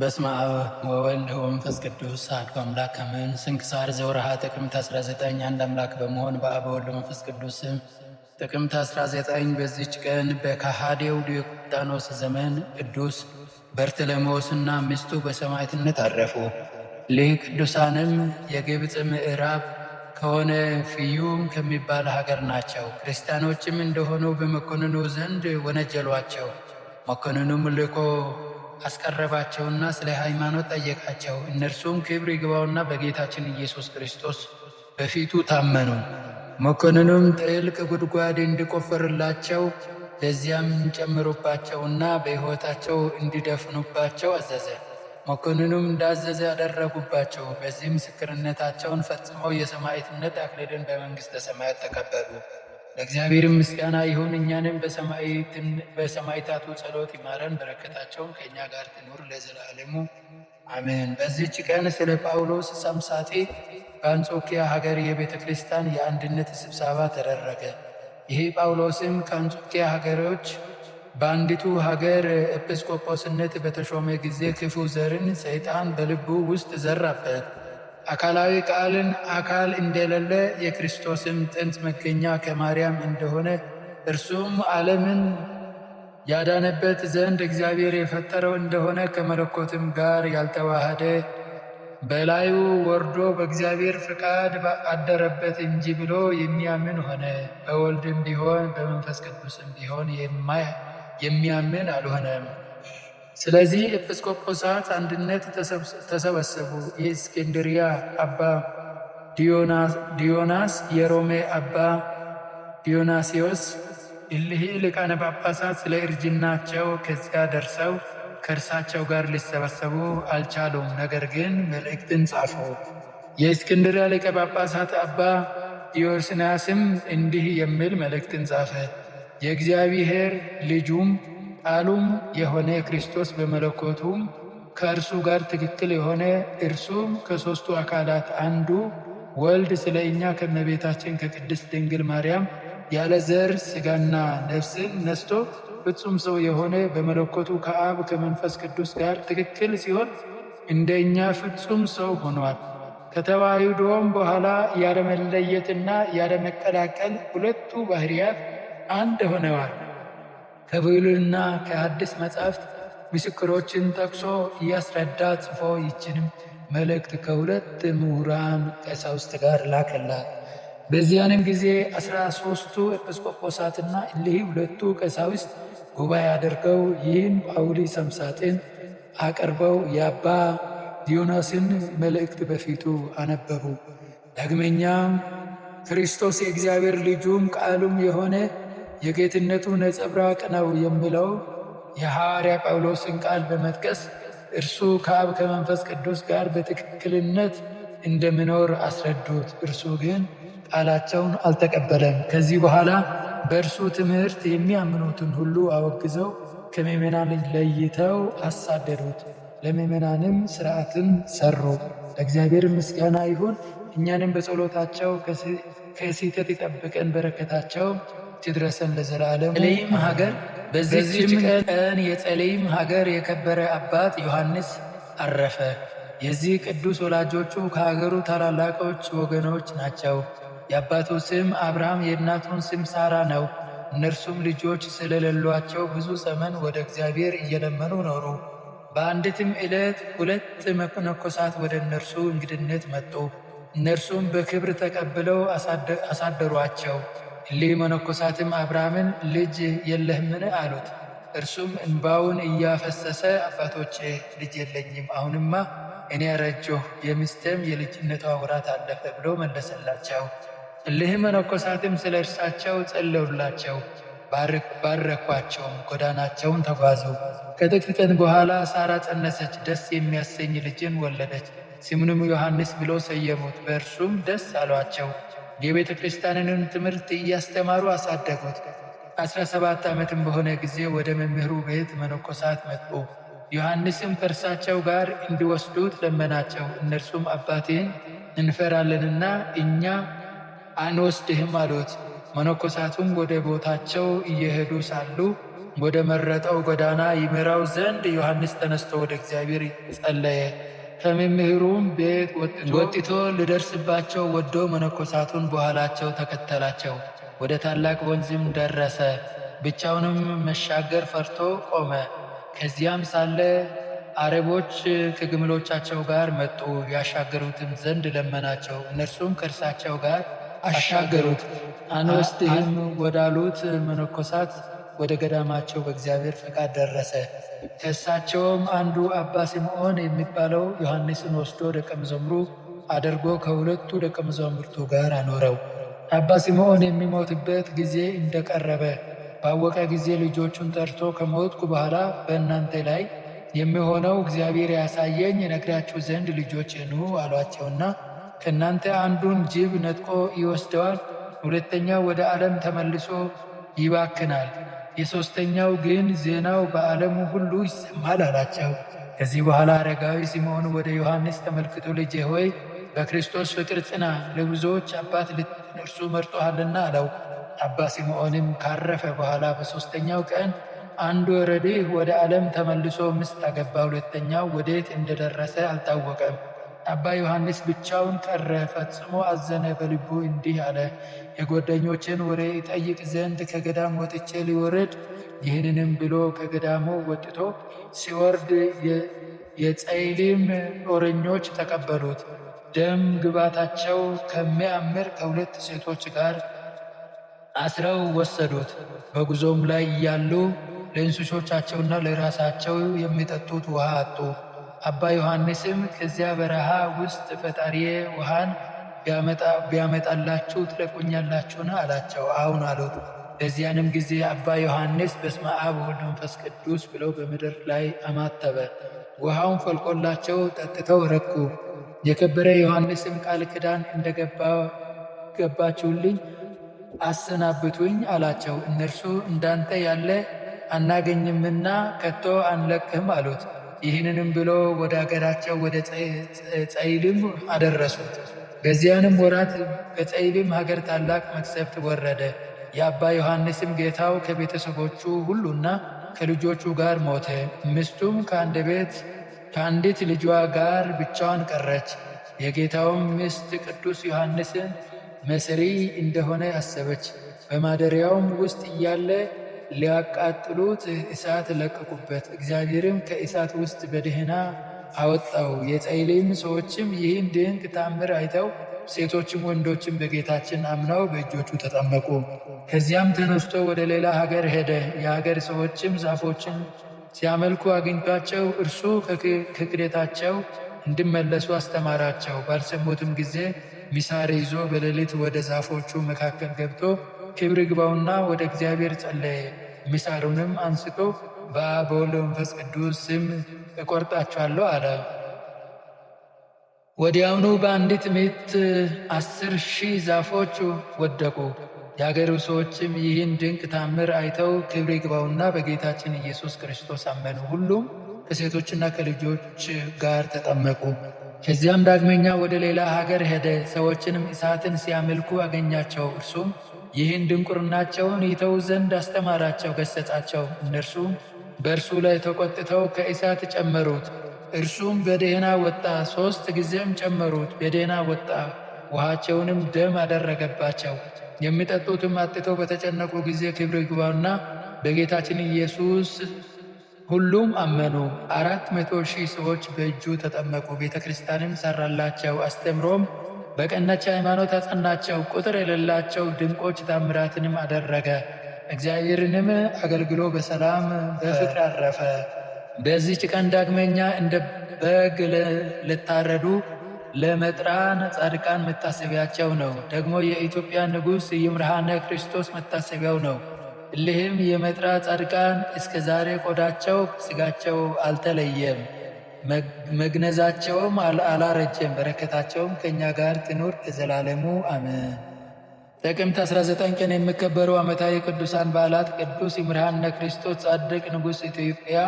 በስመ አብ ወወልድ ወመንፈስ ቅዱስ አሐዱ አምላክ አሜን። ስንክሳር ዘወርሃ ጥቅምት 19 አንድ አምላክ በመሆን በአብ ወወልድ መንፈስ ቅዱስ ስም ጥቅምት 19 በዚች ቀን በከሃዲው ዲዮቅልጥያኖስ ዘመን ቅዱስ እና ሚስቱ በሰማዕትነት አረፉ። ሊህ ቅዱሳንም የግብፅ ምዕራብ ከሆነ ፍዩም ከሚባል ሀገር ናቸው። ክርስቲያኖችም እንደሆኑ በመኮንኑ ዘንድ ወነጀሏቸው። መኮንኑም ልኮ አስቀረባቸውና ስለ ሃይማኖት ጠየቃቸው። እነርሱም ክብር ይግባውና በጌታችን ኢየሱስ ክርስቶስ በፊቱ ታመኑ። መኮንኑም ጥልቅ ጉድጓድ እንዲቆፈርላቸው ለዚያም ጨምሩባቸውና በሕይወታቸው እንዲደፍኑባቸው አዘዘ። መኮንኑም እንዳዘዘ ያደረጉባቸው። በዚህ ምስክርነታቸውን ፈጽመው የሰማዕትነት አክሊልን በመንግሥተ ሰማያት ተቀበሉ። ለእግዚአብሔር ምስጋና ይሁን። እኛንም በሰማዕታቱ ጸሎት ይማረን፣ በረከታቸውም ከእኛ ጋር ትኑር ለዘላለሙ አሜን። በዚህች ቀን ስለ ጳውሎስ ሰምሳጤ በአንጾኪያ ሀገር የቤተ ክርስቲያን የአንድነት ስብሰባ ተደረገ። ይህ ጳውሎስም ከአንጾኪያ ሀገሮች በአንዲቱ ሀገር ኤጲስቆጶስነት በተሾመ ጊዜ ክፉ ዘርን ሰይጣን በልቡ ውስጥ ዘራበት። አካላዊ ቃልን አካል እንደሌለ የክርስቶስም ጥንት መገኛ ከማርያም እንደሆነ እርሱም ዓለምን ያዳነበት ዘንድ እግዚአብሔር የፈጠረው እንደሆነ ከመለኮትም ጋር ያልተዋሃደ በላዩ ወርዶ በእግዚአብሔር ፍቃድ አደረበት እንጂ ብሎ የሚያምን ሆነ። በወልድም ቢሆን በመንፈስ ቅዱስም ቢሆን የሚያምን አልሆነም። ስለዚህ ኤጲስቆጶሳት አንድነት ተሰበሰቡ። የእስክንድሪያ አባ ዲዮናስ፣ የሮሜ አባ ዲዮናሲዎስ እሊህ ሊቃነ ጳጳሳት ስለ እርጅናቸው ከዚያ ደርሰው ከእርሳቸው ጋር ሊሰበሰቡ አልቻሉም። ነገር ግን መልእክትን ጻፉ። የእስክንድሪያ ሊቀ ጳጳሳት አባ ዲዮስናስም እንዲህ የሚል መልእክትን ጻፈ። የእግዚአብሔር ልጁም ቃሉም የሆነ ክርስቶስ በመለኮቱም ከእርሱ ጋር ትክክል የሆነ እርሱም ከሦስቱ አካላት አንዱ ወልድ ስለ እኛ ከመቤታችን ከቅድስት ድንግል ማርያም ያለ ዘር ሥጋና ነፍስን ነስቶ ፍጹም ሰው የሆነ በመለኮቱ ከአብ ከመንፈስ ቅዱስ ጋር ትክክል ሲሆን እንደ እኛ ፍጹም ሰው ሆኗል። ከተዋሕዶም በኋላ ያለመለየትና ያለመቀላቀል ሁለቱ ባሕርያት አንድ ሆነዋል። ከብሉይና ከአዲስ መጻሕፍት ምስክሮችን ጠቅሶ እያስረዳ ጽፎ ይችንም መልእክት ከሁለት ምሁራን ቀሳውስት ጋር ላከላት። በዚያንም ጊዜ አስራ ሶስቱ ኤጲስቆጶሳትና እሊህ ሁለቱ ቀሳውስት ጉባኤ አድርገው ይህን ጳውሊ ሰምሳጥን አቅርበው የአባ ዲዮናስን መልእክት በፊቱ አነበቡ። ዳግመኛም ክርስቶስ የእግዚአብሔር ልጁም ቃሉም የሆነ የጌትነቱ ነጸብራቅ ነው የምለው የሐዋርያ ጳውሎስን ቃል በመጥቀስ እርሱ ከአብ ከመንፈስ ቅዱስ ጋር በትክክልነት እንደምኖር አስረዱት። እርሱ ግን ቃላቸውን አልተቀበለም። ከዚህ በኋላ በእርሱ ትምህርት የሚያምኑትን ሁሉ አወግዘው ከምእመናን ለይተው አሳደዱት። ለምዕመናንም ስርዓትን ሰሩ። ለእግዚአብሔር ምስጋና ይሁን። እኛንም በጸሎታቸው ከስህተት ይጠብቀን፣ በረከታቸው ይድረሰን ለዘላለም። ጸለይም ሀገር በዚህች ቀን የጸለይም ሀገር የከበረ አባት ዮሐንስ አረፈ። የዚህ ቅዱስ ወላጆቹ ከሀገሩ ታላላቆች ወገኖች ናቸው። የአባቱ ስም አብርሃም የእናቱን ስም ሳራ ነው። እነርሱም ልጆች ስለሌሏቸው ብዙ ዘመን ወደ እግዚአብሔር እየለመኑ ኖሩ። በአንዲትም ዕለት ሁለት መነኮሳት ወደ እነርሱ እንግድነት መጡ። እነርሱም በክብር ተቀብለው አሳደሯቸው። እሊህ መነኮሳትም አብርሃምን ልጅ የለህምን አሉት። እርሱም እንባውን እያፈሰሰ አባቶች ልጅ የለኝም፣ አሁንማ እኔ ያረጀሁ የሚስቴም የልጅነቷ ወራት አለፈ ብሎ መለሰላቸው። እሊህ መነኮሳትም ስለ እርሳቸው ጸለዩላቸው፣ ባረኳቸውም፣ ጎዳናቸውን ተጓዙ። ከጥቂት ቀን በኋላ ሳራ ጸነሰች፣ ደስ የሚያሰኝ ልጅን ወለደች። ስሙንም ዮሐንስ ብሎ ሰየሙት፣ በእርሱም ደስ አሏቸው። የቤተ ክርስቲያንንም ትምህርት እያስተማሩ አሳደጉት አስራ ሰባት ዓመትም በሆነ ጊዜ ወደ መምህሩ ቤት መነኮሳት መጡ። ዮሐንስም ከእርሳቸው ጋር እንዲወስዱት ለመናቸው። እነርሱም አባቴን እንፈራለንና እኛ አንወስድህም አሉት። መነኮሳቱም ወደ ቦታቸው እየሄዱ ሳሉ ወደ መረጠው ጎዳና ይመራው ዘንድ ዮሐንስ ተነስቶ ወደ እግዚአብሔር ጸለየ። ከመምህሩም ቤት ወጥቶ ልደርስባቸው ወዶ መነኮሳቱን በኋላቸው ተከተላቸው። ወደ ታላቅ ወንዝም ደረሰ። ብቻውንም መሻገር ፈርቶ ቆመ። ከዚያም ሳለ አረቦች ከግመሎቻቸው ጋር መጡ። ያሻገሩትም ዘንድ ለመናቸው። እነርሱም ከእርሳቸው ጋር አሻገሩት። አንወስድህም ወዳሉት መነኮሳት ወደ ገዳማቸው በእግዚአብሔር ፈቃድ ደረሰ። ከእሳቸውም አንዱ አባ ስምዖን የሚባለው ዮሐንስን ወስዶ ደቀ መዘምሩ አድርጎ ከሁለቱ ደቀ መዛሙርቱ ጋር አኖረው። አባ ስምዖን የሚሞትበት ጊዜ እንደቀረበ ባወቀ ጊዜ ልጆቹን ጠርቶ ከሞትኩ በኋላ በእናንተ ላይ የሚሆነው እግዚአብሔር ያሳየኝ የነግራችሁ ዘንድ ልጆች ኑ አሏቸውና ከእናንተ አንዱን ጅብ ነጥቆ ይወስደዋል፣ ሁለተኛው ወደ ዓለም ተመልሶ ይባክናል። የሦስተኛው ግን ዜናው በዓለሙ ሁሉ ይሰማል አላቸው። ከዚህ በኋላ አረጋዊ ስምዖን ወደ ዮሐንስ ተመልክቶ ልጄ ሆይ በክርስቶስ ፍቅር ጽና፣ ለብዙዎች አባት ልትሆን እርሱ መርጦሃልና አለው። አባ ስምዖንም ካረፈ በኋላ በሦስተኛው ቀን አንድ ወረዴህ ወደ ዓለም ተመልሶ ምስት አገባ። ሁለተኛው ወዴት እንደደረሰ አልታወቀም። አባ ዮሐንስ ብቻውን ቀረ፣ ፈጽሞ አዘነ። በልቡ እንዲህ አለ፦ የጓደኞችን ወሬ ጠይቅ ዘንድ ከገዳም ወጥቼ ሊወርድ ይህንንም ብሎ ከገዳሙ ወጥቶ ሲወርድ የጸይሊም ጦረኞች ተቀበሉት። ደም ግባታቸው ከሚያምር ከሁለት ሴቶች ጋር አስረው ወሰዱት። በጉዞም ላይ እያሉ ለእንስሶቻቸውና ለራሳቸው የሚጠጡት ውሃ አጡ። አባ ዮሐንስም ከዚያ በረሃ ውስጥ ፈጣሪዬ ውሃን ቢያመጣላችሁ ትለቁኛላችሁን? አላቸው። አሁን አሉት። በዚያንም ጊዜ አባ ዮሐንስ በስመ አብ ወወልድ ወመንፈስ ቅዱስ ብለው በምድር ላይ አማተበ። ውሃውን ፈልቆላቸው ጠጥተው ረኩ። የከበረ ዮሐንስም ቃል ክዳን እንደገባችሁልኝ አሰናብቱኝ አላቸው። እነርሱ እንዳንተ ያለ አናገኝምና ከቶ አንለቅህም አሉት። ይህንንም ብሎ ወደ አገራቸው ወደ ጸይልም አደረሱት። በዚያንም ወራት በጠይብም ሀገር ታላቅ መቅሰፍት ወረደ። የአባ ዮሐንስም ጌታው ከቤተሰቦቹ ሁሉና ከልጆቹ ጋር ሞተ። ሚስቱም ከአንድ ቤት ከአንዲት ልጇ ጋር ብቻዋን ቀረች። የጌታውም ሚስት ቅዱስ ዮሐንስን መስሪ እንደሆነ አሰበች። በማደሪያውም ውስጥ እያለ ሊያቃጥሉት እሳት ለቀቁበት። እግዚአብሔርም ከእሳት ውስጥ በደህና አወጣው። የጸይሌም ሰዎችም ይህን ድንቅ ታምር አይተው ሴቶችም ወንዶችም በጌታችን አምነው በእጆቹ ተጠመቁ። ከዚያም ተነስቶ ወደ ሌላ ሀገር ሄደ። የሀገር ሰዎችም ዛፎችን ሲያመልኩ አግኝቷቸው እርሱ ከክደታቸው እንዲመለሱ አስተማራቸው። ባልሰሙትም ጊዜ ሚሳር ይዞ በሌሊት ወደ ዛፎቹ መካከል ገብቶ ክብር ግባውና ወደ እግዚአብሔር ጸለየ። ሚሳሩንም አንስቶ በአብ በወልድ በመንፈስ ቅዱስ ስም እቆርጣችኋለሁ አለ። ወዲያውኑ በአንዲት ምት አስር ሺህ ዛፎች ወደቁ። የአገሩ ሰዎችም ይህን ድንቅ ታምር አይተው ክብር ይግባውና በጌታችን ኢየሱስ ክርስቶስ አመኑ። ሁሉም ከሴቶችና ከልጆች ጋር ተጠመቁ። ከዚያም ዳግመኛ ወደ ሌላ ሀገር ሄደ። ሰዎችንም እሳትን ሲያመልኩ አገኛቸው። እርሱም ይህን ድንቁርናቸውን ይተው ዘንድ አስተማራቸው፣ ገሰጻቸው። እነርሱም በእርሱ ላይ ተቆጥተው ከእሳት ጨመሩት። እርሱም በደህና ወጣ። ሦስት ጊዜም ጨመሩት፣ በደህና ወጣ። ውሃቸውንም ደም አደረገባቸው። የሚጠጡትም አጥተው በተጨነቁ ጊዜ ክብር ይግባውና በጌታችን ኢየሱስ ሁሉም አመኑ። አራት መቶ ሺህ ሰዎች በእጁ ተጠመቁ። ቤተ ክርስቲያንም ሰራላቸው። አስተምሮም በቀናች ሃይማኖት አጸናቸው። ቁጥር የሌላቸው ድንቆች ታምራትንም አደረገ። እግዚአብሔርንም አገልግሎ በሰላም በፍቅር አረፈ። በዚህች ቀን ዳግመኛ እንደ በግ ልታረዱ ለመጥራን ጻድቃን መታሰቢያቸው ነው። ደግሞ የኢትዮጵያ ንጉሥ ይምርሃነ ክርስቶስ መታሰቢያው ነው። እልህም የመጥራ ጻድቃን እስከ ዛሬ ቆዳቸው ስጋቸው አልተለየም፣ መግነዛቸውም አላረጀም። በረከታቸውም ከእኛ ጋር ትኑር ከዘላለሙ አምን። ጥቅምት 19 ቀን የሚከበሩ ዓመታዊ ቅዱሳን በዓላት ቅዱስ ይምርሃነ ክርስቶስ ጻድቅ ንጉሥ ኢትዮጵያ፣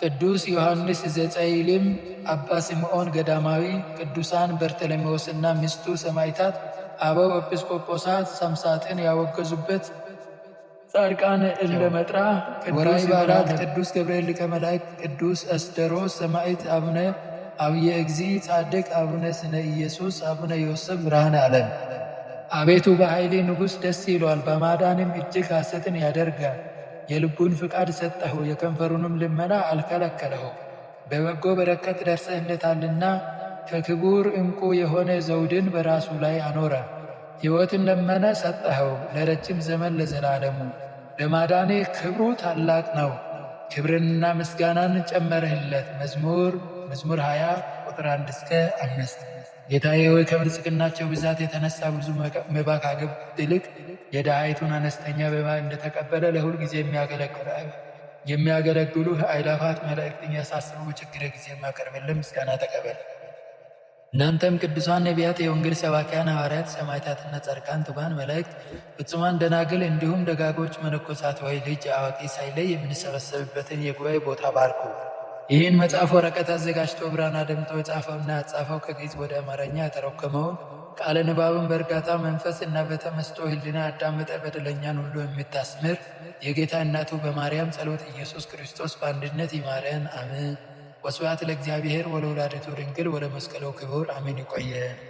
ቅዱስ ዮሐንስ ዘጸይሊም፣ አባ ስምዖን ገዳማዊ፣ ቅዱሳን በርተሎሜዎስና ሚስቱ ሰማይታት አበው ኤጲስቆጶሳት ሳምሳትን ያወገዙበት ጻድቃን መጥራ። ወርኃዊ በዓላት ቅዱስ ገብርኤል ሊቀ መላእክት፣ ቅዱስ አስደሮስ ሰማዕት፣ አቡነ አብየ እግዚእ ጻድቅ፣ አቡነ ስነ ኢየሱስ፣ አቡነ ዮሴፍ ብርሃነ ዓለም አቤቱ በኃይሌ ንጉሥ ደስ ይሏል፣ በማዳንም እጅግ ሐሰትን ያደርጋል። የልቡን ፍቃድ ሰጠኸው፣ የከንፈሩንም ልመና አልከለከለኸው። በበጎ በረከት ደርሰህለታልና ከክቡር ዕንቁ የሆነ ዘውድን በራሱ ላይ አኖረ። ሕይወትን ለመነ ሰጠኸው፣ ለረጅም ዘመን ለዘላለሙ። ለማዳኔ ክብሩ ታላቅ ነው። ክብርንና ምስጋናን ጨመረህለት መዝሙር መዝሙር 20 ቁጥር 1 እስከ 5 ጌታዬ ሆይ ከብልጽግናቸው ብዛት የተነሳ ብዙ መባ ካገቡት ይልቅ የድሃይቱን አነስተኛ መባ እንደተቀበለ ለሁል ጊዜ የሚያገለግሉ አይላፋት መላእክት እያሳሰቡ ችግር ጊዜ የማቀርብልን ምስጋና ተቀበል። እናንተም ቅዱሳን ነቢያት፣ የወንጌል ሰባኪያን ሐዋርያት፣ ሰማዕታትና ጻድቃን፣ ትጉሃን መላእክት፣ ፍጹማን ደናግል፣ እንዲሁም ደጋጎች መነኮሳት ወይ ልጅ አዋቂ ሳይለይ የምንሰበሰብበትን የጉባኤ ቦታ ባርኩ። ይህን መጽሐፍ ወረቀት አዘጋጅቶ ብራና ደምጦ የጻፈውና ያጻፈው ከግዕዝ ወደ አማርኛ የተረጎመውን ቃለ ንባብን በእርጋታ መንፈስ እና በተመስጦ ሕሊና አዳመጠ። በደለኛን ሁሉ የምታስምር የጌታ እናቱ በማርያም ጸሎት ኢየሱስ ክርስቶስ በአንድነት ይማረን፣ አምን ወስብሐት ለእግዚአብሔር ወለወላዲቱ ድንግል ወለመስቀሉ ክቡር አሜን። ይቆየን።